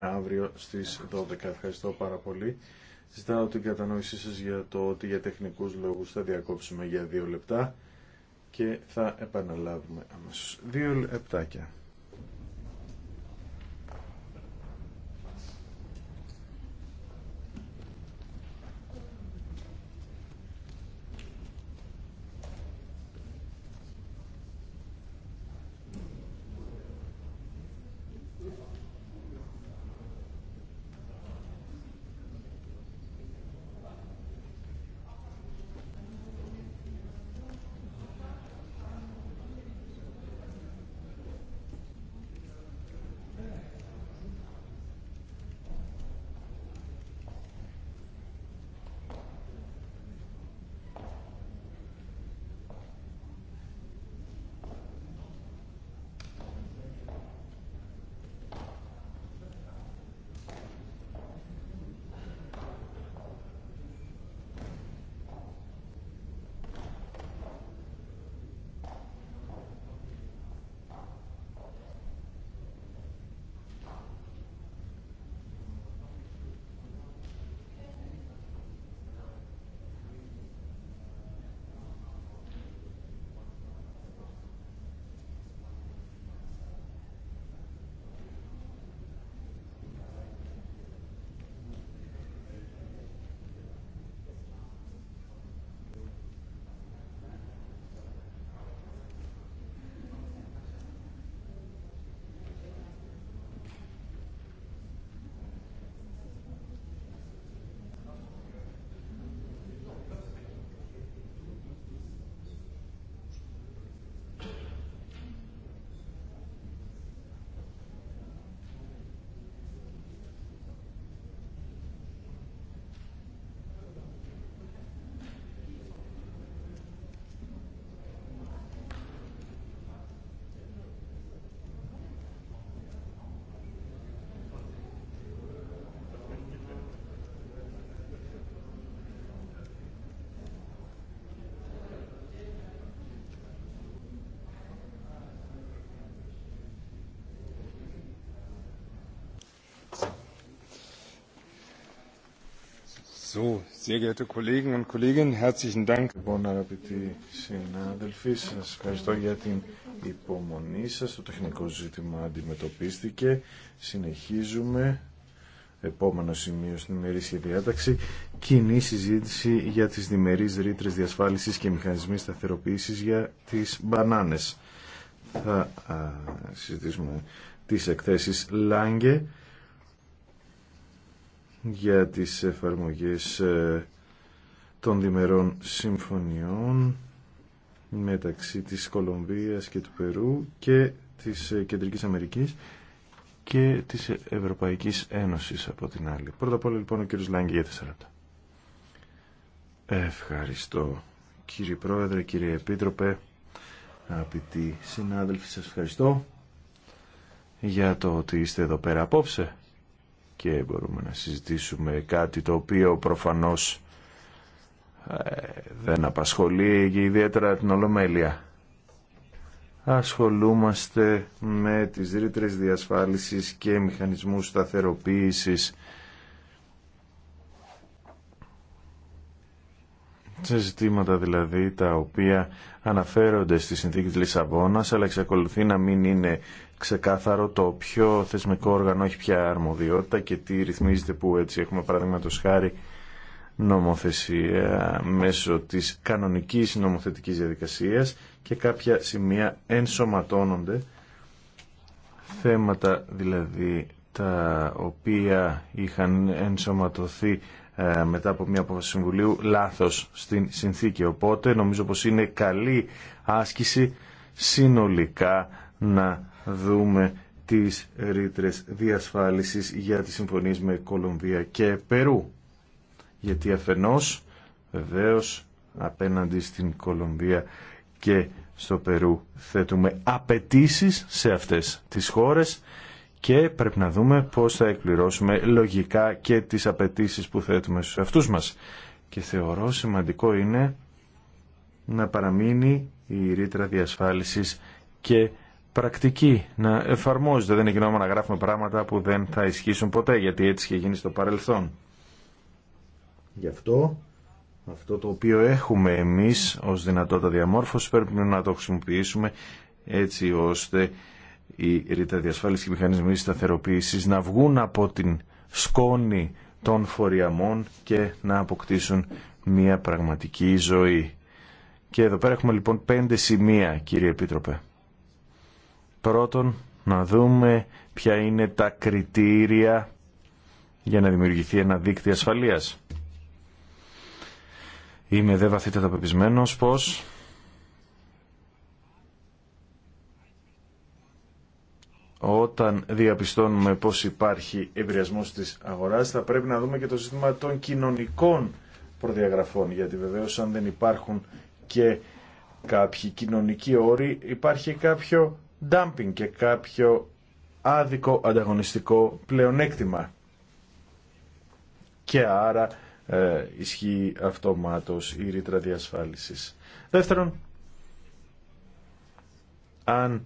αύριο στις 12. Ευχαριστώ πάρα πολύ. Ζητάω την κατανόησή σας για το ότι για τεχνικούς λόγους θα διακόψουμε για δύο λεπτά και θα επαναλάβουμε αμέσως. Δύο λεπτάκια. Λοιπόν, αγαπητοί συνάδελφοι, σα ευχαριστώ για την υπομονή σα. Το τεχνικό ζήτημα αντιμετωπίστηκε. Συνεχίζουμε. Επόμενο σημείο στην ημερήσια διάταξη. Κοινή συζήτηση για τι διμερεί ρήτρε διασφάλιση και μηχανισμοί σταθεροποίηση για τι μπανάνε. Θα συζητήσουμε τι εκθέσει Λάγκε για τις εφαρμογές ε, των διμερών συμφωνιών μεταξύ της Κολομβίας και του Περού και της ε, Κεντρικής Αμερικής και της Ευρωπαϊκής Ένωσης από την άλλη. Πρώτα απ' όλα λοιπόν ο κύριος Λάγκη για 4 λεπτά. Ευχαριστώ κύριε Πρόεδρε, κύριε Επίτροπε, αγαπητοί συνάδελφοι σας ευχαριστώ για το ότι είστε εδώ πέρα απόψε και μπορούμε να συζητήσουμε κάτι το οποίο προφανώς ε, δεν απασχολεί και ιδιαίτερα την Ολομέλεια. Ασχολούμαστε με τις ρήτρες διασφάλισης και μηχανισμούς σταθεροποίησης σε ζητήματα δηλαδή τα οποία αναφέρονται στη συνθήκη της Λισαβόνας αλλά εξακολουθεί να μην είναι ξεκάθαρο το ποιο θεσμικό όργανο έχει πια αρμοδιότητα και τι ρυθμίζεται που έτσι έχουμε παραδείγματο χάρη νομοθεσία μέσω της κανονικής νομοθετικής διαδικασίας και κάποια σημεία ενσωματώνονται θέματα δηλαδή τα οποία είχαν ενσωματωθεί ε, μετά από μια απόφαση Συμβουλίου λάθος στην συνθήκη. Οπότε νομίζω πως είναι καλή άσκηση συνολικά να δούμε τις ρήτρε διασφάλισης για τις συμφωνίες με Κολομβία και Περού. Γιατί αφενός βεβαίως απέναντι στην Κολομβία και στο Περού θέτουμε απαιτήσει σε αυτές τις χώρες και πρέπει να δούμε πώς θα εκπληρώσουμε λογικά και τις απαιτήσεις που θέτουμε στους αυτούς μας. Και θεωρώ σημαντικό είναι να παραμείνει η ρήτρα διασφάλισης και πρακτική να εφαρμόζεται. Δεν είναι να γράφουμε πράγματα που δεν θα ισχύσουν ποτέ γιατί έτσι είχε γίνει στο παρελθόν. Γι' αυτό αυτό το οποίο έχουμε εμείς ως δυνατότητα διαμόρφωση πρέπει να το χρησιμοποιήσουμε έτσι ώστε οι ρήτα διασφάλιση και οι μηχανισμοί σταθεροποίησης να βγουν από την σκόνη των φοριαμών και να αποκτήσουν μια πραγματική ζωή. Και εδώ πέρα έχουμε λοιπόν πέντε σημεία κύριε Επίτροπε. Πρώτον, να δούμε ποια είναι τα κριτήρια για να δημιουργηθεί ένα δίκτυο ασφαλείας. Είμαι δε τα πεπισμένος πως όταν διαπιστώνουμε πως υπάρχει εμπειριασμός της αγοράς θα πρέπει να δούμε και το ζήτημα των κοινωνικών προδιαγραφών γιατί βεβαίως αν δεν υπάρχουν και κάποιοι κοινωνικοί όροι υπάρχει κάποιο dumping και κάποιο άδικο ανταγωνιστικό πλεονέκτημα και άρα ε, ισχύει αυτομάτως η ρήτρα διασφάλισης. Δεύτερον, αν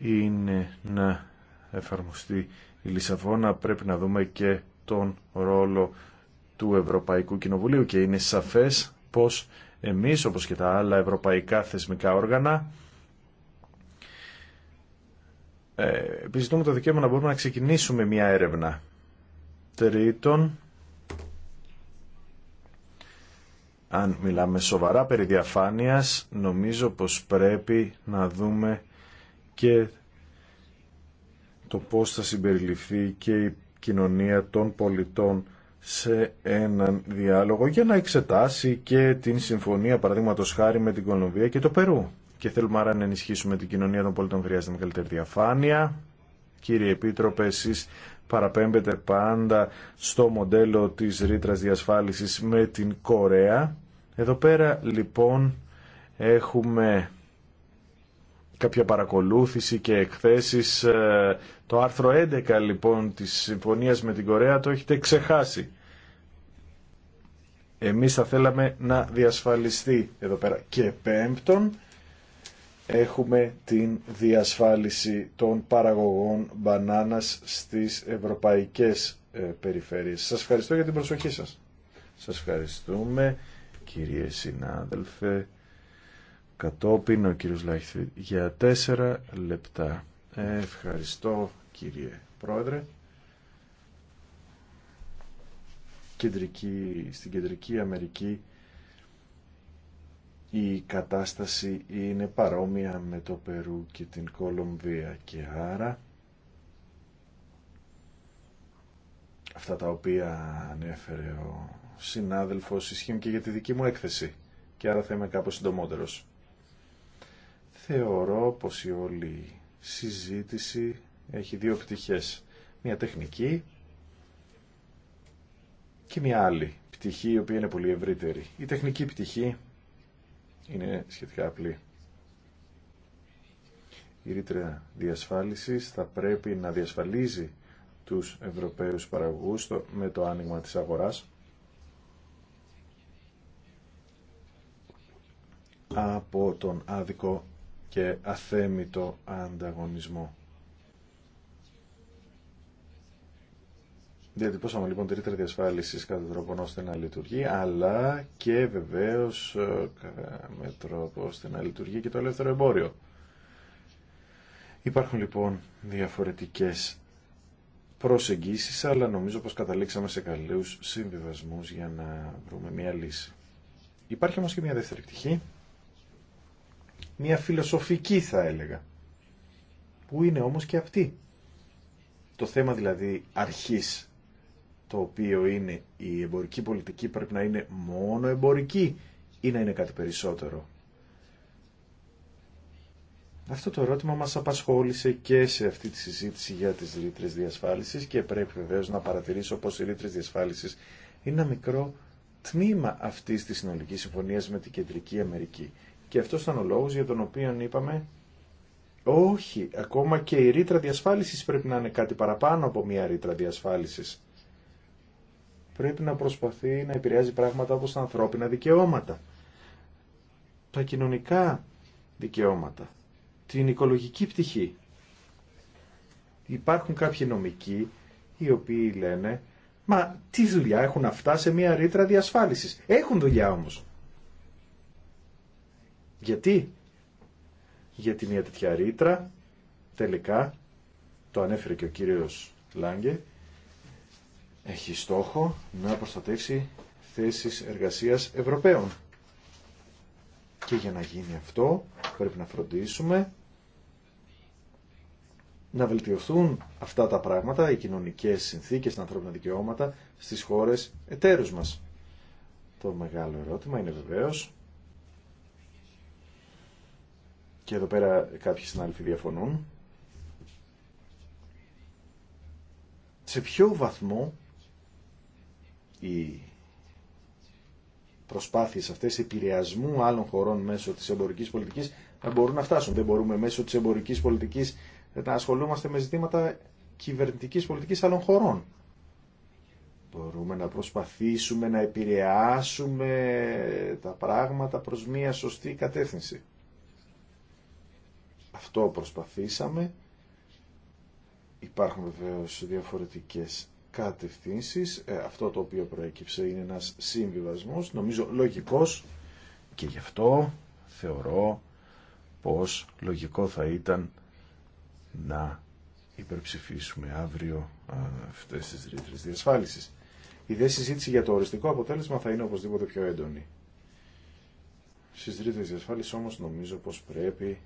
είναι να εφαρμοστεί η Λισαβόνα πρέπει να δούμε και τον ρόλο του Ευρωπαϊκού Κοινοβουλίου και είναι σαφές πως εμείς όπως και τα άλλα ευρωπαϊκά θεσμικά όργανα ε, επιζητούμε το δικαίωμα να μπορούμε να ξεκινήσουμε μια έρευνα. Τρίτον, αν μιλάμε σοβαρά περί διαφάνειας, νομίζω πως πρέπει να δούμε και το πώς θα συμπεριληφθεί και η κοινωνία των πολιτών σε έναν διάλογο για να εξετάσει και την συμφωνία παραδείγματο χάρη με την Κολομβία και το Περού. Και θέλουμε άρα να ενισχύσουμε την κοινωνία των πολιτών. Χρειάζεται μεγαλύτερη διαφάνεια. Κύριε Επίτροπε, εσεί παραπέμπετε πάντα στο μοντέλο της ρήτρα διασφάλισης με την Κορέα. Εδώ πέρα λοιπόν έχουμε κάποια παρακολούθηση και εκθέσεις. Ε, το άρθρο 11 λοιπόν της συμφωνίας με την Κορέα το έχετε ξεχάσει. Εμείς θα θέλαμε να διασφαλιστεί εδώ πέρα. Και πέμπτον έχουμε την διασφάλιση των παραγωγών μπανάνας στις ευρωπαϊκές ε, περιφέρειες. Σας ευχαριστώ για την προσοχή σας. Σας ευχαριστούμε κύριε συνάδελφε. Κατόπιν ο κύριος Λάχιθρη για τέσσερα λεπτά. Ευχαριστώ κύριε Πρόεδρε. Κεντρική, στην Κεντρική Αμερική η κατάσταση είναι παρόμοια με το Περού και την Κολομβία και άρα αυτά τα οποία ανέφερε ο συνάδελφος ισχύουν και για τη δική μου έκθεση και άρα θα είμαι κάπως συντομότερος θεωρώ πως η όλη συζήτηση έχει δύο πτυχές. Μια τεχνική και μια άλλη πτυχή, η οποία είναι πολύ ευρύτερη. Η τεχνική πτυχή είναι σχετικά απλή. Η ρήτρα διασφάλισης θα πρέπει να διασφαλίζει τους Ευρωπαίους παραγωγούς με το άνοιγμα της αγοράς από τον άδικο και αθέμητο ανταγωνισμό. Διατυπώσαμε λοιπόν τη ρήτρα διασφάλιση κατά τρόπο ώστε να λειτουργεί, αλλά και βεβαίω ε, με τρόπο ώστε να λειτουργεί και το ελεύθερο εμπόριο. Υπάρχουν λοιπόν διαφορετικές προσεγγίσεις, αλλά νομίζω πως καταλήξαμε σε καλούς συμβιβασμούς για να βρούμε μια λύση. Υπάρχει όμως και μια δεύτερη πτυχή, μια φιλοσοφική θα έλεγα, που είναι όμως και αυτή. Το θέμα δηλαδή αρχής, το οποίο είναι η εμπορική πολιτική πρέπει να είναι μόνο εμπορική ή να είναι κάτι περισσότερο. Αυτό το ερώτημα μας απασχόλησε και σε αυτή τη συζήτηση για τις ρήτρες διασφάλισης και πρέπει βεβαίως να παρατηρήσω πως οι ρήτρες διασφάλισης είναι ένα μικρό τμήμα αυτής της συνολικής συμφωνίας με την Κεντρική Αμερική. Και αυτό ήταν ο λόγο για τον οποίο είπαμε όχι, ακόμα και η ρήτρα διασφάλιση πρέπει να είναι κάτι παραπάνω από μια ρήτρα διασφάλιση. Πρέπει να προσπαθεί να επηρεάζει πράγματα όπως τα ανθρώπινα δικαιώματα, τα κοινωνικά δικαιώματα, την οικολογική πτυχή. Υπάρχουν κάποιοι νομικοί οι οποίοι λένε «Μα τι δουλειά έχουν αυτά σε μια ρήτρα διασφάλισης». Έχουν δουλειά όμως. Γιατί, γιατί μια τέτοια ρήτρα τελικά, το ανέφερε και ο κύριος Λάγκε, έχει στόχο να προστατεύσει θέσεις εργασίας Ευρωπαίων. Και για να γίνει αυτό πρέπει να φροντίσουμε να βελτιωθούν αυτά τα πράγματα, οι κοινωνικές συνθήκες, τα ανθρώπινα δικαιώματα στις χώρες εταίρους μας. Το μεγάλο ερώτημα είναι βεβαίως και εδώ πέρα κάποιοι συνάδελφοι διαφωνούν, σε ποιο βαθμό οι προσπάθειες αυτές επηρεασμού άλλων χωρών μέσω της εμπορικής πολιτικής θα μπορούν να φτάσουν. Δεν μπορούμε μέσω της εμπορικής πολιτικής να ασχολούμαστε με ζητήματα κυβερνητικής πολιτικής άλλων χωρών. Μπορούμε να προσπαθήσουμε να επηρεάσουμε τα πράγματα προς μία σωστή κατεύθυνση. Αυτό προσπαθήσαμε. Υπάρχουν βεβαίως διαφορετικές κατευθύνσεις. Ε, αυτό το οποίο προέκυψε είναι ένας συμβιβασμός, νομίζω λογικός και γι' αυτό θεωρώ πως λογικό θα ήταν να υπερψηφίσουμε αύριο ε, αυτές τις ρήτρες διασφάλισης. Η δε συζήτηση για το οριστικό αποτέλεσμα θα είναι οπωσδήποτε πιο έντονη. Στις ρήτρες διασφάλισης όμως νομίζω πως πρέπει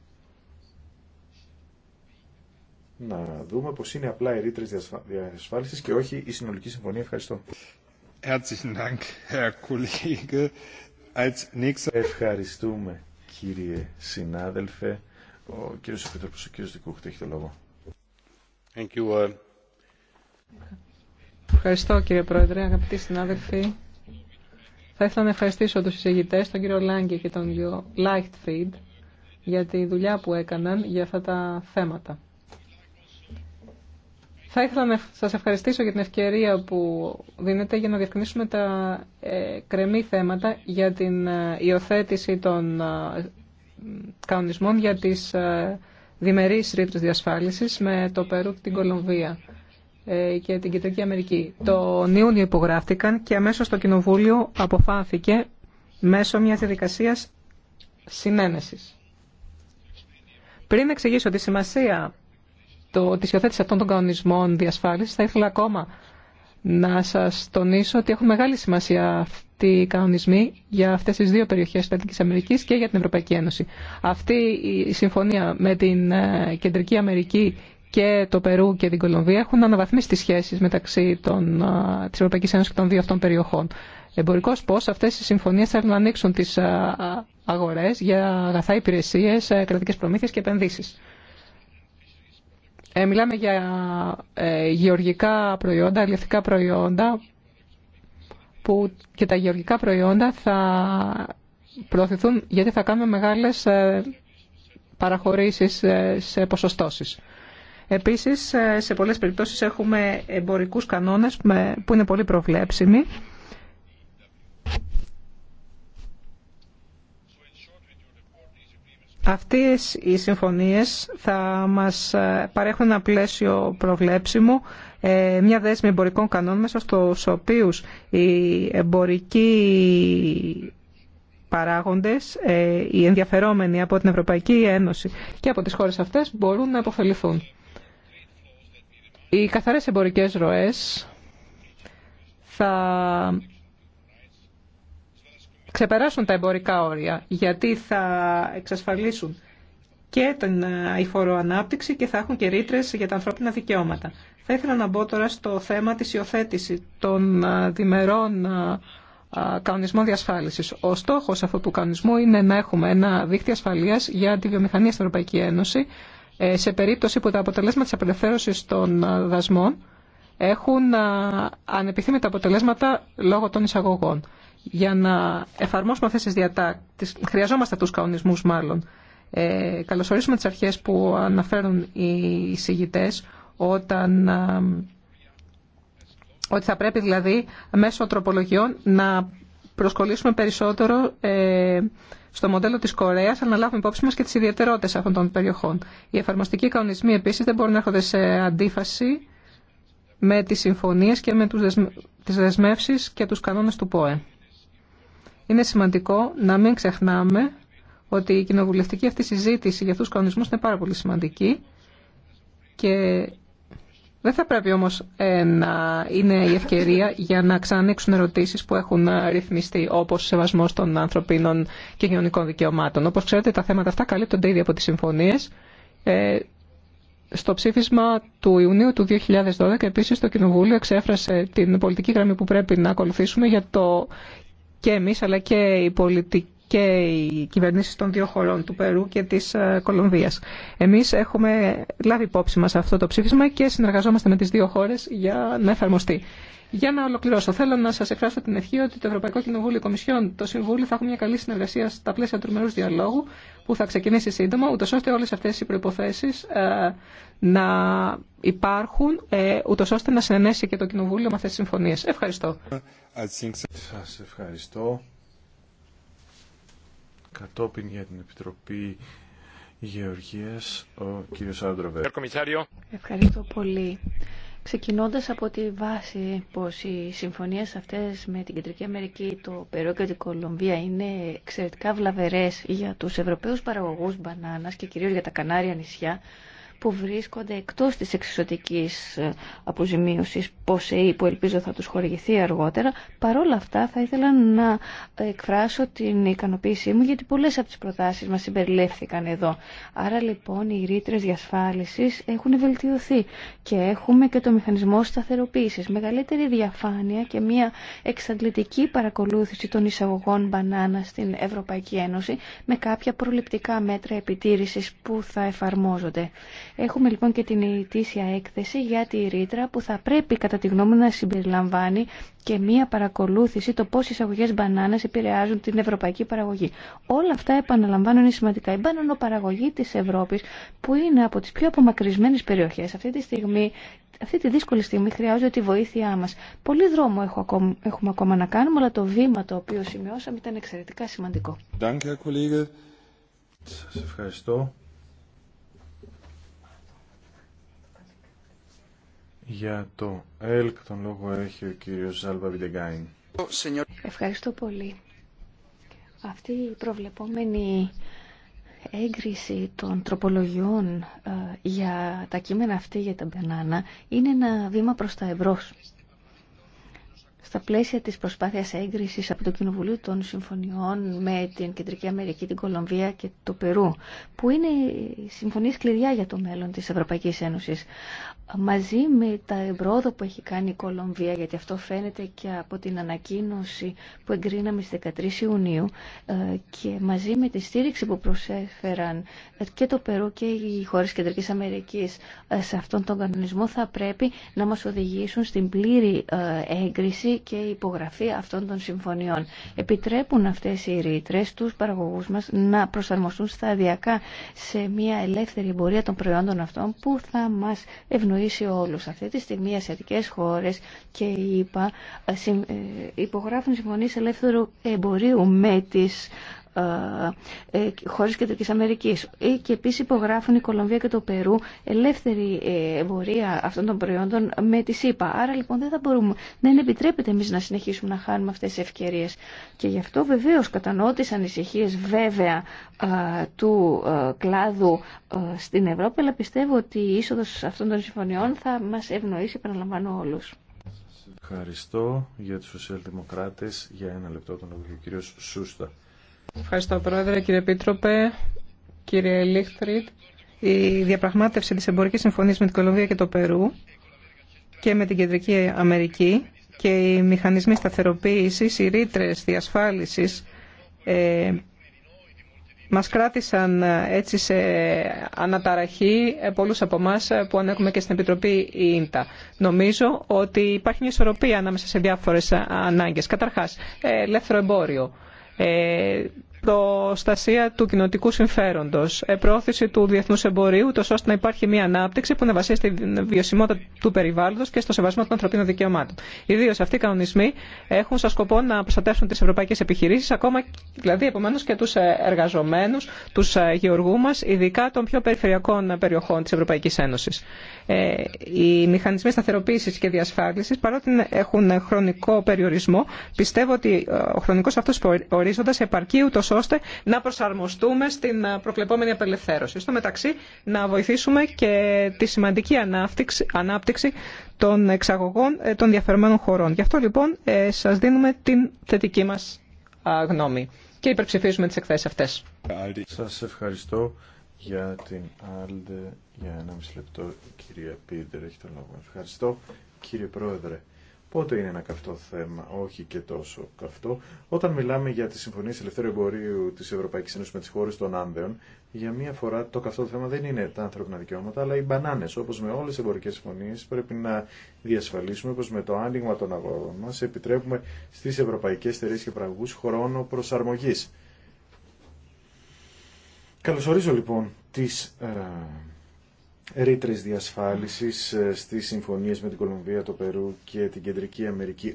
να δούμε πως είναι απλά οι ρήτρες διασφάλισης και όχι η συνολική συμφωνία. Ευχαριστώ. Ευχαριστούμε κύριε συνάδελφε. Ο κύριος Επιτροπός, ο κύριος Δικούχτη έχει το λόγο. Uh, Ευχαριστώ κύριε Πρόεδρε, αγαπητοί συνάδελφοι. Θα ήθελα να ευχαριστήσω τους εισηγητές, τον κύριο Λάγκη και τον κύριο Λάιχτφιντ για τη δουλειά που έκαναν για αυτά τα θέματα. Θα ήθελα να σας ευχαριστήσω για την ευκαιρία που δίνετε για να διευκρινίσουμε τα ε, κρεμή θέματα για την ε, υιοθέτηση των ε, κανονισμών για τις διμερείς ρήτρες διασφάλισης με το Περού, την Κολομβία και την Κεντρική Αμερική. Το Ιούνιο υπογράφτηκαν και αμέσως το Κοινοβούλιο αποφάθηκε μέσω μιας διαδικασίας συνένεσης. Πριν εξηγήσω τη σημασία το, τη υιοθέτηση αυτών των κανονισμών διασφάλισης θα ήθελα ακόμα να σα τονίσω ότι έχουν μεγάλη σημασία αυτοί οι κανονισμοί για αυτέ τι δύο περιοχέ της Λατινική Αμερική και για την Ευρωπαϊκή Ένωση. Αυτή η συμφωνία με την ε, Κεντρική Αμερική και το Περού και την Κολομβία έχουν αναβαθμίσει τι σχέσει μεταξύ ε, τη Ευρωπαϊκή Ένωση και των δύο αυτών περιοχών. Εμπορικό πώ αυτέ οι συμφωνίε θέλουν να ανοίξουν τι ε, αγορέ για αγαθά υπηρεσίε, κρατικέ προμήθειε και επενδύσει. Ε, μιλάμε για ε, γεωργικά προϊόντα, αλληλευτικά προϊόντα που και τα γεωργικά προϊόντα θα προωθηθούν γιατί θα κάνουμε μεγάλες ε, παραχωρήσεις σε ποσοστώσεις. Επίσης, σε πολλές περιπτώσεις έχουμε εμπορικούς κανόνες που είναι πολύ προβλέψιμοι Αυτές οι συμφωνίες θα μας ε, παρέχουν ένα πλαίσιο προβλέψιμο, ε, μια δέσμη εμπορικών κανόνων μέσα στους οποίους οι εμπορικοί παράγοντες, ε, οι ενδιαφερόμενοι από την Ευρωπαϊκή Ένωση και από τις χώρες αυτές μπορούν να υποφεληθούν. Οι καθαρές εμπορικές ροές θα ξεπεράσουν τα εμπορικά όρια, γιατί θα εξασφαλίσουν και την υφοροανάπτυξη ε, και θα έχουν και ρήτρε για τα ανθρώπινα δικαιώματα. Θα ήθελα να μπω τώρα στο θέμα της υιοθέτηση των ε, διμερών ε, κανονισμών διασφάλισης. Ο στόχος αυτού του κανονισμού είναι να έχουμε ένα δίκτυο ασφαλείας για τη βιομηχανία στην Ευρωπαϊκή Ένωση σε περίπτωση που τα αποτελέσματα της απελευθέρωσης των δασμών έχουν ανεπιθύμητα αποτελέσματα λόγω των εισαγωγών για να εφαρμόσουμε αυτές τις διατάξεις, χρειαζόμαστε τους καονισμούς μάλλον. Ε, καλωσορίσουμε τις αρχές που αναφέρουν οι συγητές όταν, ότι θα πρέπει δηλαδή μέσω τροπολογιών να προσκολήσουμε περισσότερο ε, στο μοντέλο της Κορέας, αλλά να λάβουμε υπόψη μας και τις ιδιαιτερότητες αυτών των περιοχών. Οι εφαρμοστικοί κανονισμοί επίσης δεν μπορούν να έρχονται σε αντίφαση με τις συμφωνίες και με τους τις δεσμεύσεις και τους κανόνες του ΠΟΕ. Είναι σημαντικό να μην ξεχνάμε ότι η κοινοβουλευτική αυτή συζήτηση για αυτούς τους κανονισμούς είναι πάρα πολύ σημαντική και δεν θα πρέπει όμως ε, να είναι η ευκαιρία για να ξανανοίξουν ερωτήσεις που έχουν ρυθμιστεί όπως σεβασμός των ανθρωπίνων και κοινωνικών δικαιωμάτων. Όπως ξέρετε τα θέματα αυτά καλύπτονται ήδη από τις συμφωνίες. Ε, στο ψήφισμα του Ιουνίου του 2012 επίσης το Κοινοβούλιο εξέφρασε την πολιτική γραμμή που πρέπει να ακολουθήσουμε για, το, και εμείς αλλά και οι πολιτικοί και οι κυβερνήσεις των δύο χωρών του Περού και της ε, Κολομβίας. Εμείς έχουμε λάβει υπόψη μας αυτό το ψήφισμα και συνεργαζόμαστε με τις δύο χώρες για να εφαρμοστεί. Για να ολοκληρώσω, θέλω να σα εκφράσω την ευχή ότι το Ευρωπαϊκό Κοινοβούλιο, Κομισιόν, το Συμβούλιο θα έχουν μια καλή συνεργασία στα πλαίσια του μερού διαλόγου που θα ξεκινήσει σύντομα, ούτω ώστε όλε αυτέ οι προποθέσει ε, να υπάρχουν, ε, ούτω ώστε να συνενέσει και το Κοινοβούλιο με αυτέ τι συμφωνίε. Ευχαριστώ. Σα ευχαριστώ. Κατόπιν για την Επιτροπή Γεωργίας, ο κύριος Άντροβερ. Ευχαριστώ πολύ ξεκινώντας από τη βάση πως οι συμφωνίες αυτές με την Κεντρική Αμερική, το Περό και την Κολομβία είναι εξαιρετικά βλαβερές για τους Ευρωπαίους παραγωγούς μπανάνας και κυρίως για τα Κανάρια νησιά, που βρίσκονται εκτός της εξισωτικής ε, αποζημίωσης ΠΟΣΕΗ που ελπίζω θα τους χορηγηθεί αργότερα. Παρόλα αυτά θα ήθελα να εκφράσω την ικανοποίησή μου γιατί πολλές από τις προτάσεις μας συμπεριλέφθηκαν εδώ. Άρα λοιπόν οι ρήτρες διασφάλισης έχουν βελτιωθεί και έχουμε και το μηχανισμό σταθεροποίησης. Μεγαλύτερη διαφάνεια και μια εξαντλητική παρακολούθηση των εισαγωγών μπανάνα στην Ευρωπαϊκή Ένωση με κάποια προληπτικά μέτρα επιτήρησης που θα εφαρμόζονται. Έχουμε λοιπόν και την ειτήσια έκθεση για τη ρήτρα που θα πρέπει κατά τη γνώμη να συμπεριλαμβάνει και μία παρακολούθηση το πώς οι εισαγωγές μπανάνας επηρεάζουν την ευρωπαϊκή παραγωγή. Όλα αυτά επαναλαμβάνουν είναι σημαντικά. Η παραγωγή της Ευρώπης που είναι από τις πιο απομακρυσμένες περιοχές αυτή τη στιγμή αυτή τη δύσκολη στιγμή χρειάζεται τη βοήθειά μας. Πολύ δρόμο έχω έχουμε ακόμα να κάνουμε, αλλά το βήμα το οποίο σημειώσαμε ήταν εξαιρετικά σημαντικό. ευχαριστώ. Για το ΕΛΚ τον λόγο έχει ο κύριος Ζάλβα Βιντεγκάιν. Ευχαριστώ πολύ. Αυτή η προβλεπόμενη έγκριση των τροπολογιών ε, για τα κείμενα αυτή για τα μπενάνα είναι ένα βήμα προς τα εμπρός στα πλαίσια της προσπάθειας έγκρισης από το Κοινοβουλίο των Συμφωνιών με την Κεντρική Αμερική, την Κολομβία και το Περού, που είναι συμφωνίες σκληριά για το μέλλον της Ευρωπαϊκής Ένωσης. Μαζί με τα εμπρόδο που έχει κάνει η Κολομβία, γιατί αυτό φαίνεται και από την ανακοίνωση που εγκρίναμε στις 13 Ιουνίου ε, και μαζί με τη στήριξη που προσέφεραν ε, και το Περού και οι χώρες Κεντρικής Αμερικής ε, σε αυτόν τον κανονισμό θα πρέπει να μας οδηγήσουν στην πλήρη έγκριση και η υπογραφή αυτών των συμφωνιών. Επιτρέπουν αυτές οι ρήτρε τους παραγωγούς μας να προσαρμοστούν σταδιακά σε μια ελεύθερη εμπορία των προϊόντων αυτών που θα μας ευνοήσει όλους. Αυτή τη στιγμή οι ασιατικές χώρες και η ΙΠΑ ε, ε, υπογράφουν συμφωνίες ελεύθερου εμπορίου με τις ε, ε, χώρες Κεντρικής Αμερικής. Ε, και επίσης υπογράφουν η Κολομβία και το Περού ελεύθερη εμπορία αυτών των προϊόντων με τη ΣΥΠΑ. Άρα λοιπόν δεν θα μπορούμε, δεν επιτρέπεται εμείς να συνεχίσουμε να χάνουμε αυτές τις ευκαιρίες. Και γι' αυτό βεβαίως κατανοώ τις ανησυχίες βέβαια του κλάδου στην Ευρώπη, αλλά πιστεύω ότι η είσοδος αυτών των συμφωνιών θα μας ευνοήσει, επαναλαμβάνω όλους. Ευχαριστώ για τους σοσιαλδημοκράτες. Για ένα λεπτό τον ο κύριος Σούστα. Ευχαριστώ Πρόεδρε, κύριε Επίτροπε, κύριε Λίχτριτ. Η διαπραγμάτευση της εμπορικής συμφωνίας με την Κολομβία και το Περού και με την Κεντρική Αμερική και οι μηχανισμοί σταθεροποίησης, οι ρήτρε διασφάλισης ε, μας κράτησαν έτσι σε αναταραχή πολλούς από εμά που ανέχουμε και στην Επιτροπή ΙΝΤΑ. Νομίζω ότι υπάρχει μια ισορροπία ανάμεσα σε διάφορες ανάγκες. Καταρχάς, ε, ελεύθερο εμπόριο ε, προστασία του κοινοτικού συμφέροντος, ε, πρόθεση του διεθνού εμπορίου, τόσο ώστε να υπάρχει μια ανάπτυξη που να βασίζεται στη βιωσιμότητα του περιβάλλοντος και στο σεβασμό των ανθρωπίνων δικαιωμάτων. Ιδίω αυτοί οι κανονισμοί έχουν σαν σκοπό να προστατεύσουν τι ευρωπαϊκές επιχειρήσεις, ακόμα δηλαδή επομένω και του ε, εργαζομένου, του ε, γεωργού μα, ειδικά των πιο περιφερειακών περιοχών τη Ευρωπαϊκή Ένωση. Ε, οι μηχανισμοί σταθεροποίηση και διασφάλιση, παρότι έχουν χρονικό περιορισμό, πιστεύω ότι ο χρονικός αυτός ορίζοντα επαρκεί ώστε να προσαρμοστούμε στην προκλεπόμενη απελευθέρωση. Στο μεταξύ, να βοηθήσουμε και τη σημαντική ανάπτυξη, των εξαγωγών ε, των διαφερμένων χωρών. Γι' αυτό λοιπόν ε, σας δίνουμε την θετική μας γνώμη και υπερψηφίζουμε τις εκθέσεις αυτές. Σας ευχαριστώ για την άλλη... για ένα μισή λεπτό. Κυρία Πίτερ έχει τον λόγο. Ευχαριστώ κύριε Πρόεδρε. Πότε είναι ένα καυτό θέμα, όχι και τόσο καυτό, όταν μιλάμε για τι συμφωνίες ελευθέρου εμπορίου τη Ευρωπαϊκή Ένωση με τις χώρες των Άνδεων, για μία φορά το καυτό θέμα δεν είναι τα ανθρώπινα δικαιώματα, αλλά οι μπανάνε. Όπω με όλε τις εμπορικές συμφωνίες πρέπει να διασφαλίσουμε πω με το άνοιγμα των αγορών μα επιτρέπουμε στι ευρωπαϊκέ εταιρείε και πραγωγού χρόνο προσαρμογή. Καλωσορίζω λοιπόν τις ε, ρήτρες διασφάλισης ε, στις συμφωνίες με την Κολομβία, το Περού και την Κεντρική Αμερική.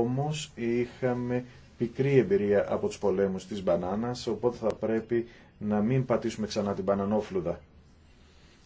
Όμως είχαμε πικρή εμπειρία από τους πολέμους της μπανάνας, οπότε θα πρέπει να μην πατήσουμε ξανά την μπανανόφλουδα.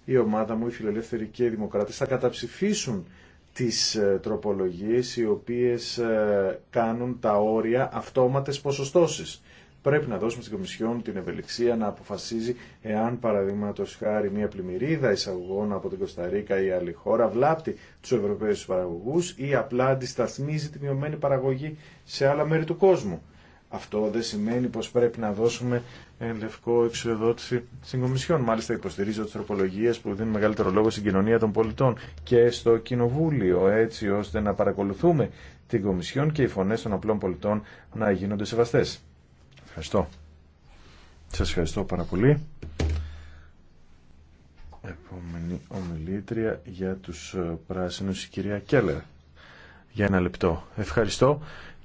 Η ομάδα μου, οι φιλελεύθεροι και οι δημοκράτες θα καταψηφίσουν τις ε, τροπολογίες οι οποίες ε, κάνουν τα όρια αυτόματες ποσοστώσεις πρέπει να δώσουμε στην Κομισιόν την ευελιξία να αποφασίζει εάν παραδείγματο χάρη μια πλημμυρίδα εισαγωγών από την Κωνσταντίνα ή άλλη χώρα βλάπτει του Ευρωπαίου παραγωγού ή απλά αντισταθμίζει τη μειωμένη παραγωγή σε άλλα μέρη του κόσμου. Αυτό δεν σημαίνει πω πρέπει να δώσουμε ε, λευκό εξοδότηση στην Κομισιόν. Μάλιστα υποστηρίζω τι τροπολογίε που δίνουν μεγαλύτερο λόγο στην κοινωνία των πολιτών και στο Κοινοβούλιο έτσι ώστε να παρακολουθούμε την Κομισιόν και οι φωνέ των απλών πολιτών να γίνονται σεβαστές. Ευχαριστώ. Σας ευχαριστώ πάρα πολύ. Επόμενη ομιλήτρια για τους ε, πράσινους, η κυρία Κέλλερ. Για ένα λεπτό. Ευχαριστώ.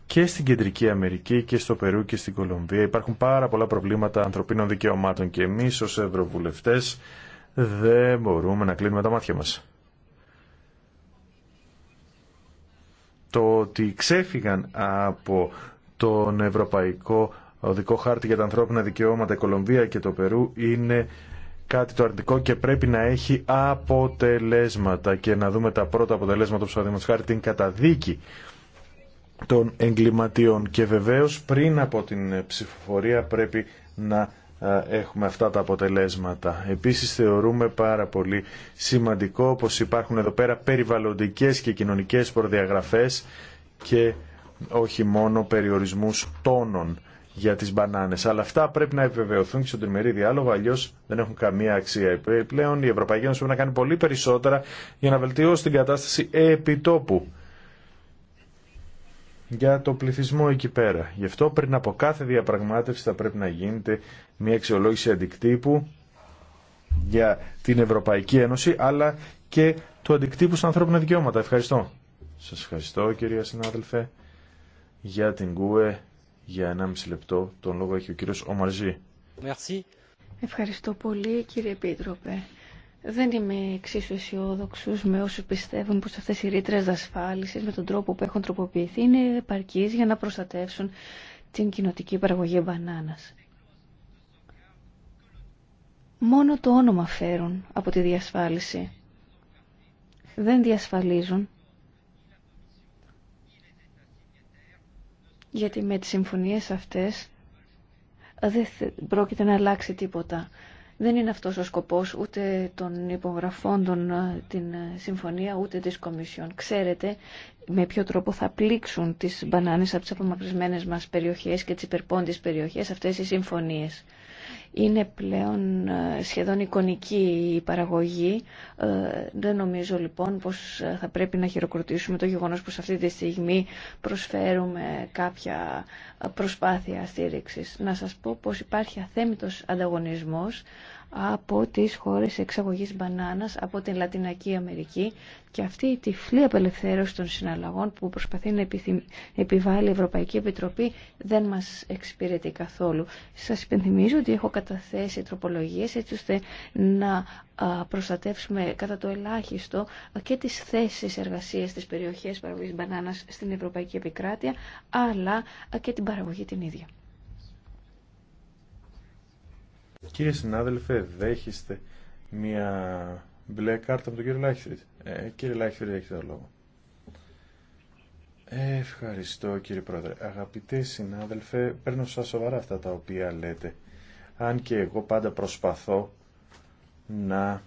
Και στην Κεντρική Αμερική και στο Περού και στην Κολομβία υπάρχουν πάρα πολλά προβλήματα ανθρωπίνων δικαιωμάτων και εμείς ως ευρωβουλευτές δεν μπορούμε να κλείνουμε τα μάτια μας. Το ότι ξέφυγαν από τον ευρωπαϊκό οδικό χάρτη για τα ανθρώπινα δικαιώματα Κολομβία και το Περού είναι κάτι το αρνητικό και πρέπει να έχει αποτελέσματα και να δούμε τα πρώτα αποτελέσματα του θα χάρη την καταδίκη των εγκληματιών και βεβαίως πριν από την ψηφοφορία πρέπει να έχουμε αυτά τα αποτελέσματα. Επίσης θεωρούμε πάρα πολύ σημαντικό πως υπάρχουν εδώ πέρα περιβαλλοντικές και κοινωνικές προδιαγραφές και όχι μόνο περιορισμούς τόνων για τις μπανάνες. Αλλά αυτά πρέπει να επιβεβαιωθούν και στον τριμερή διάλογο, αλλιώς δεν έχουν καμία αξία. Πλέον η Ευρωπαϊκή Ένωση πρέπει να κάνει πολύ περισσότερα για να βελτιώσει την κατάσταση επιτόπου για το πληθυσμό εκεί πέρα. Γι' αυτό πριν από κάθε διαπραγμάτευση θα πρέπει να γίνεται μια αξιολόγηση αντικτύπου για την Ευρωπαϊκή Ένωση, αλλά και του αντικτύπου στα ανθρώπινα δικαιώματα. Ευχαριστώ. Σας ευχαριστώ κυρία συνάδελφε για την ΚΟΕ για 1,5 λεπτό. Τον λόγο έχει ο κύριος Ομαρζή. Ευχαριστώ πολύ κύριε Επίτροπε. Δεν είμαι εξίσου αισιόδοξο με όσου πιστεύουν πω αυτέ οι ρήτρε ασφάλιση με τον τρόπο που έχουν τροποποιηθεί είναι επαρκεί για να προστατεύσουν την κοινοτική παραγωγή μπανάνα. Μόνο το όνομα φέρουν από τη διασφάλιση. Δεν διασφαλίζουν γιατί με τις συμφωνίες αυτές δεν πρόκειται να αλλάξει τίποτα. Δεν είναι αυτός ο σκοπός ούτε των υπογραφών ε, την ε, συμφωνία ούτε της Κομισιόν. Ξέρετε με ποιο τρόπο θα πλήξουν τις μπανάνες από τις απομακρυσμένες μας περιοχές και τις υπερπόντιες περιοχές αυτές οι συμφωνίες είναι πλέον ε, σχεδόν εικονική η παραγωγή. Ε, δεν νομίζω λοιπόν πως θα πρέπει να χειροκροτήσουμε το γεγονός πως αυτή τη στιγμή προσφέρουμε κάποια προσπάθεια στήριξης. Να σας πω πως υπάρχει αθέμητος ανταγωνισμός από τις χώρες εξαγωγής μπανάνας από την Λατινική Αμερική και αυτή η τυφλή απελευθέρωση των συναλλαγών που προσπαθεί να επιβάλλει η Ευρωπαϊκή Επιτροπή δεν μας εξυπηρετεί καθόλου. Σας υπενθυμίζω ότι έχω καταθέσει τροπολογίες έτσι ώστε να προστατεύσουμε κατά το ελάχιστο και τις θέσεις εργασίας στις περιοχές παραγωγής μπανάνας στην Ευρωπαϊκή Επικράτεια αλλά και την παραγωγή την ίδια. Κύριε συνάδελφε, δέχεστε μια μπλε κάρτα από τον κύριο Λάχιστριτ. Ε, κύριε Λάχιστριτ, έχετε το λόγο. Ευχαριστώ κύριε Πρόεδρε. Αγαπητέ συνάδελφε, παίρνω σας σοβαρά αυτά τα οποία λέτε αν και εγώ πάντα προσπαθώ να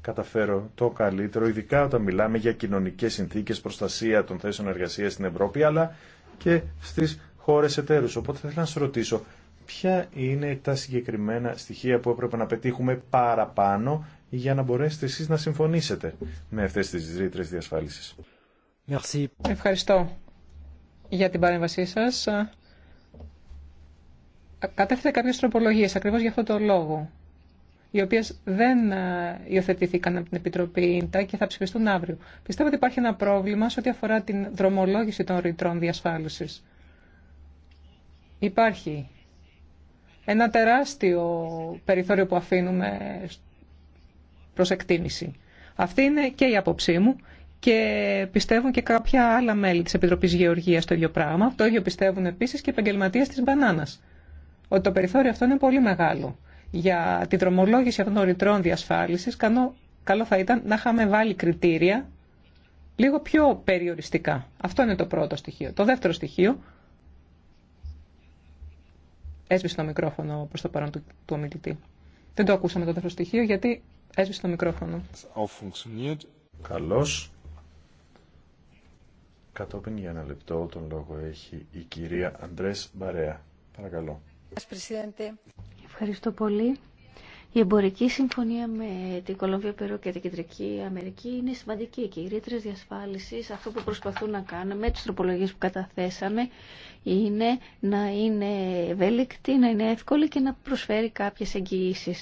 καταφέρω το καλύτερο, ειδικά όταν μιλάμε για κοινωνικές συνθήκες, προστασία των θέσεων εργασίας στην Ευρώπη, αλλά και στις χώρες εταίρους. Οπότε θα ήθελα να σας ρωτήσω, ποια είναι τα συγκεκριμένα στοιχεία που έπρεπε να πετύχουμε παραπάνω για να μπορέσετε εσείς να συμφωνήσετε με αυτές τις ρήτρε διασφάλισης. Ευχαριστώ για την παρέμβασή σας κατέφθεται κάποιε τροπολογίε ακριβώ για αυτό το λόγο, οι οποίε δεν ε, υιοθετήθηκαν από την Επιτροπή ΙΝΤΑ και θα ψηφιστούν αύριο. Πιστεύω ότι υπάρχει ένα πρόβλημα σε ό,τι αφορά την δρομολόγηση των ρητρών διασφάλιση. Υπάρχει ένα τεράστιο περιθώριο που αφήνουμε προς εκτίμηση. Αυτή είναι και η άποψή μου και πιστεύουν και κάποια άλλα μέλη της Επιτροπής Γεωργίας το ίδιο πράγμα. Το ίδιο πιστεύουν επίσης και οι επαγγελματίες της μπανάνας ότι το περιθώριο αυτό είναι πολύ μεγάλο. Για την τρομολόγηση αυτών των ρητρών διασφάλιση, καλό θα ήταν να είχαμε βάλει κριτήρια λίγο πιο περιοριστικά. Αυτό είναι το πρώτο στοιχείο. Το δεύτερο στοιχείο, έσβησε το μικρόφωνο προ το παρόν του, του ομιλητή. Δεν το ακούσαμε το δεύτερο στοιχείο γιατί έσβησε το μικρόφωνο. Καλώ. Κατόπιν για ένα λεπτό τον λόγο έχει η κυρία Αντρέ Μπαρέα. Παρακαλώ. Ευχαριστώ πολύ. Η εμπορική συμφωνία με την Κολομβία, Περού και την Κεντρική Αμερική είναι σημαντική και οι ρήτρε διασφάλιση, αυτό που προσπαθούν να κάνουν με τι τροπολογίε που καταθέσαμε, είναι να είναι ευέλικτη, να είναι εύκολη και να προσφέρει κάποιε εγγυήσει.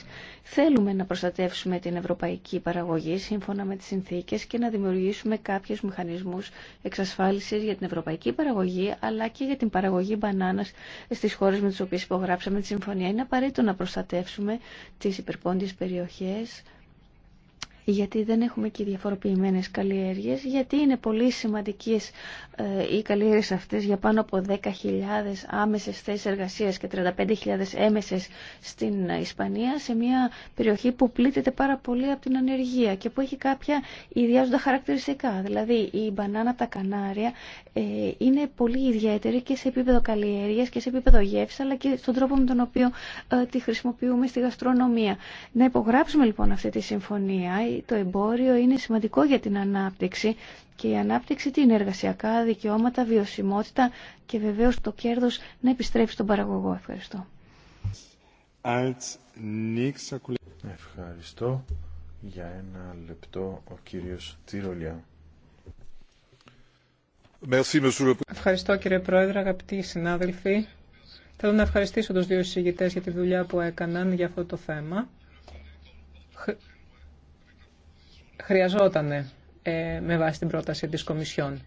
Θέλουμε να προστατεύσουμε την ευρωπαϊκή παραγωγή σύμφωνα με τις συνθήκες και να δημιουργήσουμε κάποιους μηχανισμούς εξασφάλισης για την ευρωπαϊκή παραγωγή αλλά και για την παραγωγή μπανάνας στις χώρες με τις οποίες υπογράψαμε τη συμφωνία. Είναι απαραίτητο να προστατεύσουμε τις υπερπόντιες περιοχές γιατί δεν έχουμε εκεί διαφοροποιημένες καλλιέργειες, γιατί είναι πολύ σημαντικές ε, οι καλλιέργειες αυτές για πάνω από 10.000 άμεσες θέσεις εργασίας και 35.000 έμεσες στην Ισπανία, σε μια περιοχή που πλήττεται πάρα πολύ από την ανεργία και που έχει κάποια ιδιάζοντα χαρακτηριστικά. Δηλαδή η μπανάνα από τα Κανάρια ε, είναι πολύ ιδιαίτερη και σε επίπεδο καλλιέργειας και σε επίπεδο γεύση, αλλά και στον τρόπο με τον οποίο ε, τη χρησιμοποιούμε στη γαστρονομία. Να υπογράψουμε λοιπόν αυτή τη συμφωνία το εμπόριο είναι σημαντικό για την ανάπτυξη και η ανάπτυξη την εργασιακά, δικαιώματα, βιωσιμότητα και βεβαίως το κέρδος να επιστρέψει στον παραγωγό. Ευχαριστώ. Ευχαριστώ. Για ένα λεπτό ο κύριος Τυρολιά. Ευχαριστώ κύριε Πρόεδρε, αγαπητοί συνάδελφοι. Θέλω να ευχαριστήσω τους δύο συζητητές για τη δουλειά που έκαναν για αυτό το θέμα χρειαζόταν ε, με βάση την πρόταση της Κομισιόν.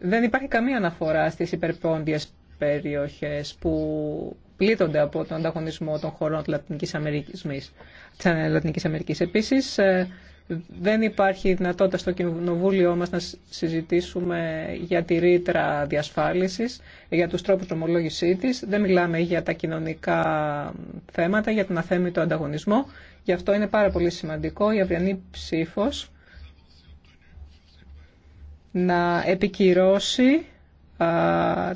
Δεν υπάρχει καμία αναφορά στις υπερπόντιες περιοχές που πλήττονται από τον ανταγωνισμό των χωρών της Λατινικής Αμερικής. Της Λατινικής Αμερικής. Επίσης, ε, δεν υπάρχει δυνατότητα στο κοινοβούλιο μας να συζητήσουμε για τη ρήτρα διασφάλισης, για τους τρόπους ομολόγησή της. Δεν μιλάμε για τα κοινωνικά θέματα, για τον αθέμητο ανταγωνισμό. Γι' αυτό είναι πάρα πολύ σημαντικό η αυριανή ψήφος να επικυρώσει α,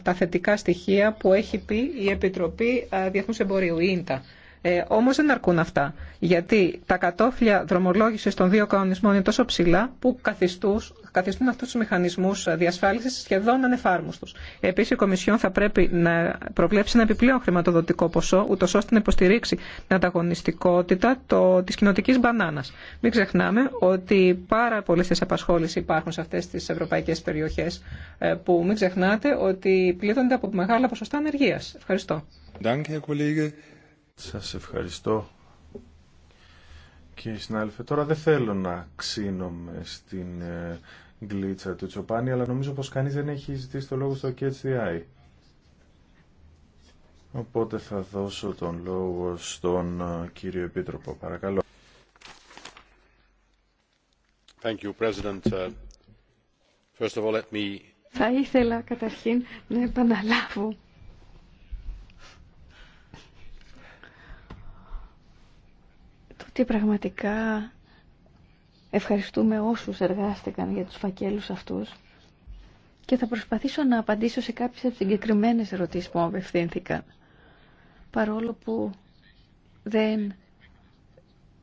τα θετικά στοιχεία που έχει πει η Επιτροπή Διεθνούς Εμπορίου, η ΙΝΤΑ. Ε, όμως δεν αρκούν αυτά, γιατί τα κατόφλια δρομολόγησης των δύο κανονισμών είναι τόσο ψηλά που καθιστούν, αυτού αυτούς τους μηχανισμούς διασφάλισης σχεδόν ανεφάρμοστους. Επίσης, η Κομισιόν θα πρέπει να προβλέψει ένα επιπλέον χρηματοδοτικό ποσό, ούτως ώστε να υποστηρίξει την ανταγωνιστικότητα το, της κοινοτικής μπανάνας. Μην ξεχνάμε ότι πάρα πολλές της απασχόληση υπάρχουν σε αυτές τις ευρωπαϊκές περιοχές, ε, που μην ξεχνάτε ότι πλήττονται από μεγάλα ποσοστά ανεργίας. Ευχαριστώ. Danke, σας ευχαριστώ. Κύριε συνάδελφε, τώρα δεν θέλω να ξύνομαι στην ε, γκλίτσα του Τσοπάνη, αλλά νομίζω πως κανείς δεν έχει ζητήσει το λόγο στο KHDI. Οπότε θα δώσω τον λόγο στον ε, κύριο Επίτροπο. Παρακαλώ. Thank you, President. Uh, first of all, let me... Θα ήθελα καταρχήν να επαναλάβω Και πραγματικά ευχαριστούμε όσους εργάστηκαν για τους φακέλους αυτούς και θα προσπαθήσω να απαντήσω σε κάποιες από συγκεκριμένες ερωτήσεις που μου απευθύνθηκαν. Παρόλο που δεν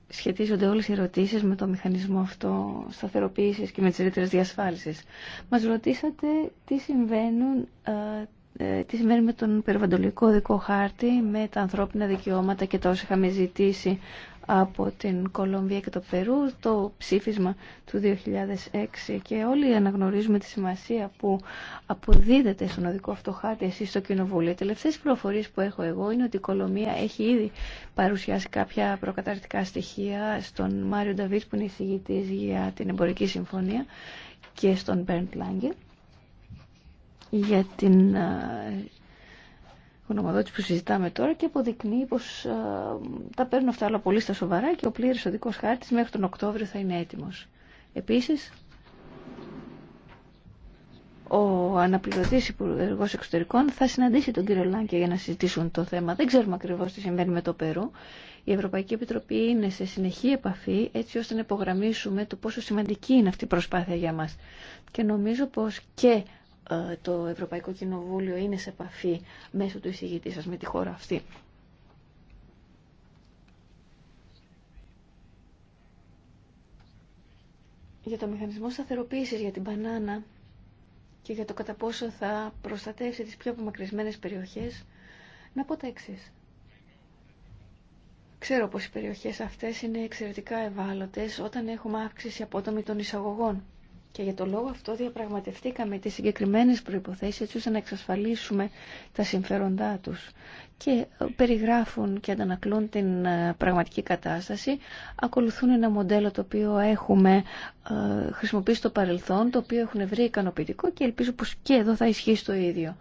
σχετίζονται όλες οι ερωτήσεις με το μηχανισμό αυτό σταθεροποίησης και με τις ρήτρες διασφάλισης. Μας ρωτήσατε τι, συμβαίνουν, ε, τι συμβαίνει με τον περιβαντολικό δικό χάρτη, με τα ανθρώπινα δικαιώματα και τα όσα είχαμε ζητήσει από την Κολομβία και το Περού, το ψήφισμα του 2006 και όλοι αναγνωρίζουμε τη σημασία που αποδίδεται στον οδικό αυτό χάρτη εσείς στο Κοινοβούλιο. Οι τελευταίες πληροφορίες που έχω εγώ είναι ότι η Κολομβία έχει ήδη παρουσιάσει κάποια προκαταρτικά στοιχεία στον Μάριο Νταβίτ που είναι εισηγητής για την εμπορική συμφωνία και στον Μπέρντ Λάγκε για την ε, γνωμοδότης που συζητάμε τώρα και αποδεικνύει πως α, ε, τα παίρνουν αυτά όλα πολύ στα σοβαρά και ο πλήρης οδικός χάρτης μέχρι τον Οκτώβριο θα είναι έτοιμος. Επίσης, ο αναπληρωτής υπουργό εξωτερικών θα συναντήσει τον κύριο Λάνκια για να συζητήσουν το θέμα. Δεν ξέρουμε ακριβώ τι συμβαίνει με το Περού. Η Ευρωπαϊκή Επιτροπή είναι σε συνεχή επαφή έτσι ώστε να υπογραμμίσουμε το πόσο σημαντική είναι αυτή η προσπάθεια για μας. Και νομίζω πως και ε, το Ευρωπαϊκό Κοινοβούλιο είναι σε επαφή μέσω του εισηγητή σας με τη χώρα αυτή. Για το μηχανισμό σταθεροποίησης για την μπανάνα και για το κατά πόσο θα προστατεύσει τις πιο απομακρυσμένες περιοχές, να πω τα Ξέρω πως οι περιοχές αυτές είναι εξαιρετικά ευάλωτες όταν έχουμε αύξηση απότομη των εισαγωγών. Και για το λόγο αυτό διαπραγματευτήκαμε τις συγκεκριμένες προϋποθέσεις έτσι ώστε να εξασφαλίσουμε τα συμφέροντά τους. Και ε, περιγράφουν και αντανακλούν την ε, πραγματική κατάσταση. Ακολουθούν ένα μοντέλο το οποίο έχουμε ε, χρησιμοποιήσει στο παρελθόν, το οποίο έχουν βρει ικανοποιητικό και ελπίζω πως και εδώ θα ισχύσει το ίδιο.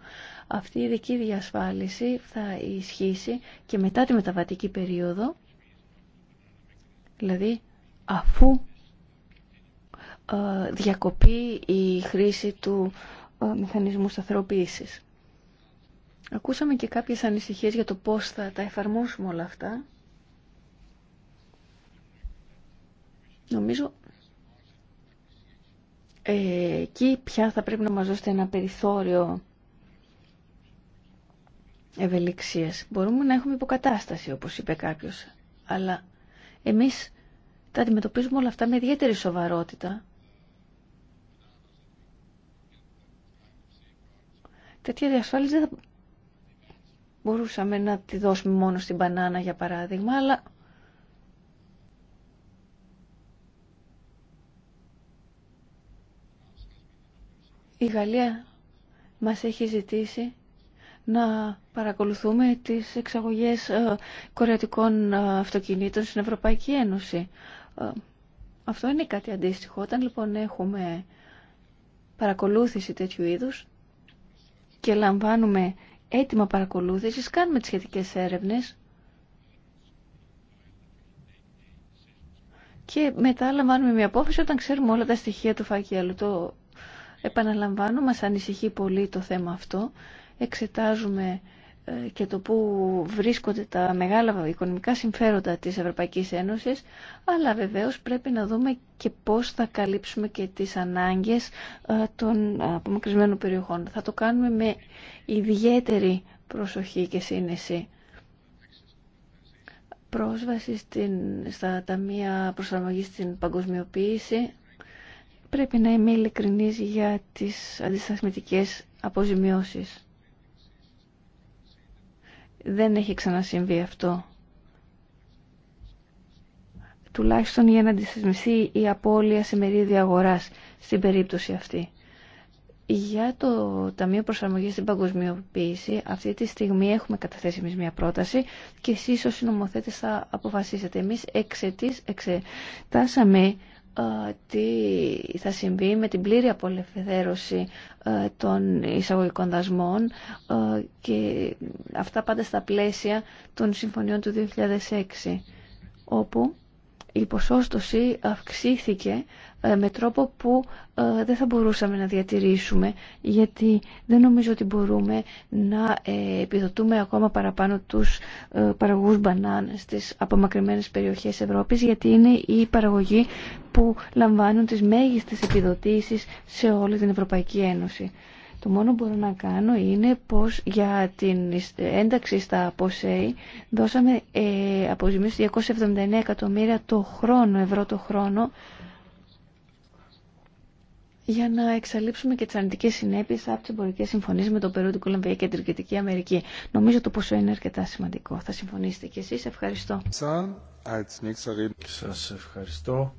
Αυτή η ειδική διασφάλιση θα ισχύσει και μετά τη μεταβατική περίοδο, δηλαδή αφού ε, διακοπεί η χρήση του ε, μηχανισμού σταθεροποίησης. Ακούσαμε και κάποιες ανησυχίες για το πώς θα τα εφαρμόσουμε όλα αυτά. Νομίζω ε, εκεί πια θα πρέπει να μας δώσετε ένα περιθώριο ευελιξίας. Μπορούμε να έχουμε υποκατάσταση, όπως είπε κάποιος. Αλλά εμείς τα αντιμετωπίζουμε όλα αυτά με ιδιαίτερη σοβαρότητα. τέτοια διασφάλιση δεν θα μπορούσαμε να τη δώσουμε μόνο στην μπανάνα για παράδειγμα, αλλά η Γαλλία μας έχει ζητήσει να παρακολουθούμε τις εξαγωγές ε, κορεατικών ε, αυτοκινήτων στην Ευρωπαϊκή Ένωση. Ε, αυτό είναι κάτι αντίστοιχο. Όταν λοιπόν έχουμε παρακολούθηση τέτοιου είδους, και λαμβάνουμε έτοιμα παρακολούθησης, κάνουμε τις σχετικές έρευνες και μετά λαμβάνουμε μια απόφαση όταν ξέρουμε όλα τα στοιχεία του φάκελου. Το επαναλαμβάνω, μας ανησυχεί πολύ το θέμα αυτό. Εξετάζουμε ε, και το που βρίσκονται τα μεγάλα οικονομικά συμφέροντα της Ευρωπαϊκής Ένωσης, αλλά βεβαίως πρέπει να δούμε και πώς θα καλύψουμε και τις ανάγκες ε, των απομακρυσμένων περιοχών. Θα το κάνουμε με ιδιαίτερη προσοχή και σύνεση. Πρόσβαση στην, στα ταμεία προσαρμογής στην παγκοσμιοποίηση. Πρέπει να είμαι ειλικρινής για τις αντισταθμητικές αποζημιώσεις δεν έχει ξανασυμβεί αυτό. Τουλάχιστον για να αντισταθμιστεί η απώλεια σε μερίδια αγοράς στην περίπτωση αυτή. Για το Ταμείο Προσαρμογή στην Παγκοσμιοποίηση, αυτή τη στιγμή έχουμε καταθέσει εμεί μια πρόταση και εσεί ω συνομοθέτε θα αποφασίσετε. Εμεί εξετάσαμε τι θα συμβεί με την πλήρη απολευθέρωση ε, των εισαγωγικών δασμών ε, και αυτά πάντα στα πλαίσια των συμφωνιών του 2006 όπου η ποσόστοση αυξήθηκε ε, με τρόπο που ε, δεν θα μπορούσαμε να διατηρήσουμε γιατί δεν νομίζω ότι μπορούμε να ε, επιδοτούμε ακόμα παραπάνω τους παραγωγούς μπανάν στις απομακρυμένες περιοχές Ευρώπης γιατί είναι η παραγωγή που λαμβάνουν τις μέγιστες επιδοτήσεις σε όλη την Ευρωπαϊκή Ένωση. Το μόνο που μπορώ να κάνω είναι πως για την ένταξη στα ΠΟΣΕΙ δώσαμε ε, αποζημίωση 279 εκατομμύρια το χρόνο, ευρώ το χρόνο για να εξαλείψουμε και τι αρνητικέ συνέπειε από τι εμπορικέ συμφωνίε με το Περού, την Κολομβία και την Κεντρική Αμερική. Νομίζω το ποσό είναι αρκετά σημαντικό. Θα συμφωνήσετε κι εσεί. Ευχαριστώ. Σα ευχαριστώ.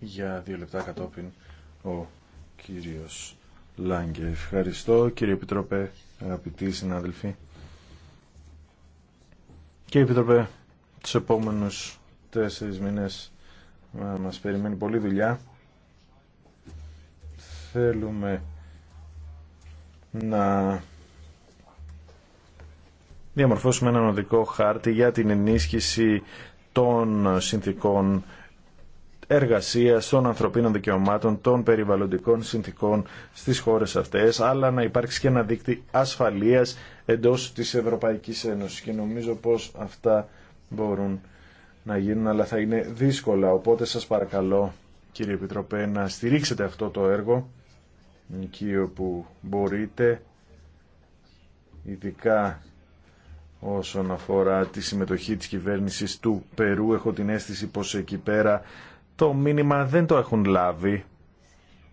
Για δύο λεπτά κατόπιν ο κύριος Λάγκε. Ευχαριστώ κύριε Επιτροπέ, αγαπητοί συνάδελφοι. Κύριε Επιτροπέ, τους επόμενους τέσσερις μήνες μας περιμένει πολλή δουλειά. Θέλουμε να διαμορφώσουμε έναν οδικό χάρτη για την ενίσχυση των συνθήκων εργασία, των ανθρωπίνων δικαιωμάτων, των περιβαλλοντικών συνθήκων στις χώρες αυτές, αλλά να υπάρξει και ένα δίκτυο ασφαλείας εντός της Ευρωπαϊκής Ένωσης. Και νομίζω πως αυτά μπορούν να γίνουν, αλλά θα είναι δύσκολα. Οπότε σας παρακαλώ, κύριε Επιτροπέ, να στηρίξετε αυτό το έργο, εκεί όπου μπορείτε, ειδικά όσον αφορά τη συμμετοχή της κυβέρνησης του Περού. Έχω την αίσθηση πως εκεί πέρα το μήνυμα δεν το έχουν λάβει,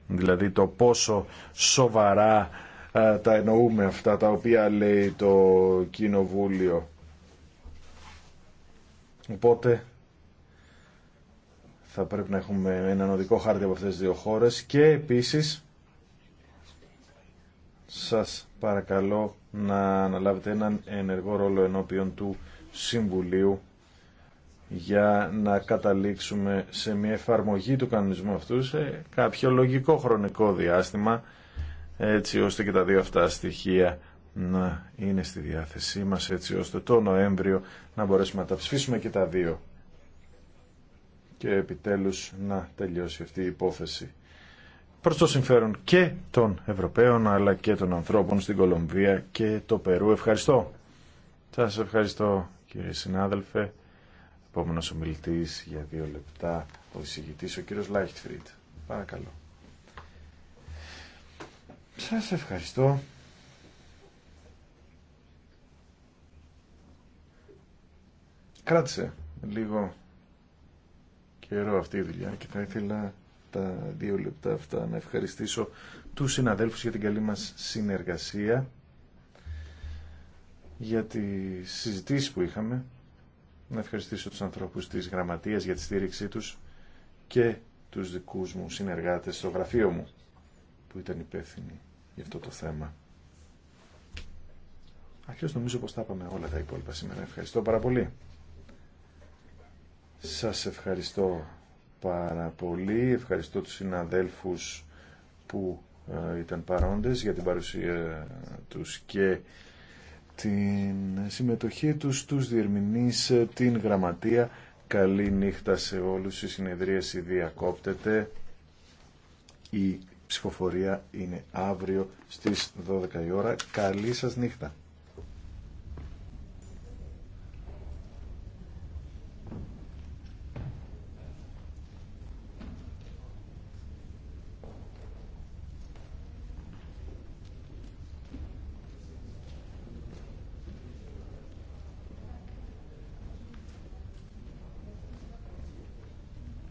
δηλαδή το πόσο σοβαρά ε, τα εννοούμε αυτά τα οποία λέει το Κοινοβούλιο. Οπότε θα πρέπει να έχουμε έναν οδικό χάρτη από αυτές τις δύο χώρες και επίσης σας παρακαλώ να αναλάβετε έναν ενεργό ρόλο ενώπιον του Συμβουλίου για να καταλήξουμε σε μια εφαρμογή του κανονισμού αυτού σε κάποιο λογικό χρονικό διάστημα έτσι ώστε και τα δύο αυτά στοιχεία να είναι στη διάθεσή μας έτσι ώστε το Νοέμβριο να μπορέσουμε να τα ψηφίσουμε και τα δύο και επιτέλους να τελειώσει αυτή η υπόθεση προς το συμφέρον και των Ευρωπαίων αλλά και των ανθρώπων στην Κολομβία και το Περού. Ευχαριστώ. Σας ευχαριστώ κύριε συνάδελφε. Επόμενο ομιλητή για δύο λεπτά, ο εισηγητή, ο κύριο Λάιχτφριντ. Παρακαλώ. Σας ευχαριστώ. Κράτησε λίγο καιρό αυτή η δουλειά και θα ήθελα τα δύο λεπτά αυτά να ευχαριστήσω τους συναδέλφους για την καλή μας συνεργασία για τις συζητήσεις που είχαμε να ευχαριστήσω τους ανθρώπους της γραμματείας για τη στήριξή τους και τους δικούς μου συνεργάτες στο γραφείο μου που ήταν υπεύθυνοι για αυτό το θέμα. Αρχίως νομίζω πως τα είπαμε όλα τα υπόλοιπα σήμερα. Ευχαριστώ πάρα πολύ. Σας ευχαριστώ πάρα πολύ. Ευχαριστώ τους συναδέλφους που ε, ήταν παρόντες για την παρουσία ε, τους και την συμμετοχή τους, τους διερμηνείς, ε, την γραμματεία. Καλή νύχτα σε όλους, η συνεδρίαση διακόπτεται. Η ψηφοφορία είναι αύριο στις 12 η ώρα. Καλή σας νύχτα.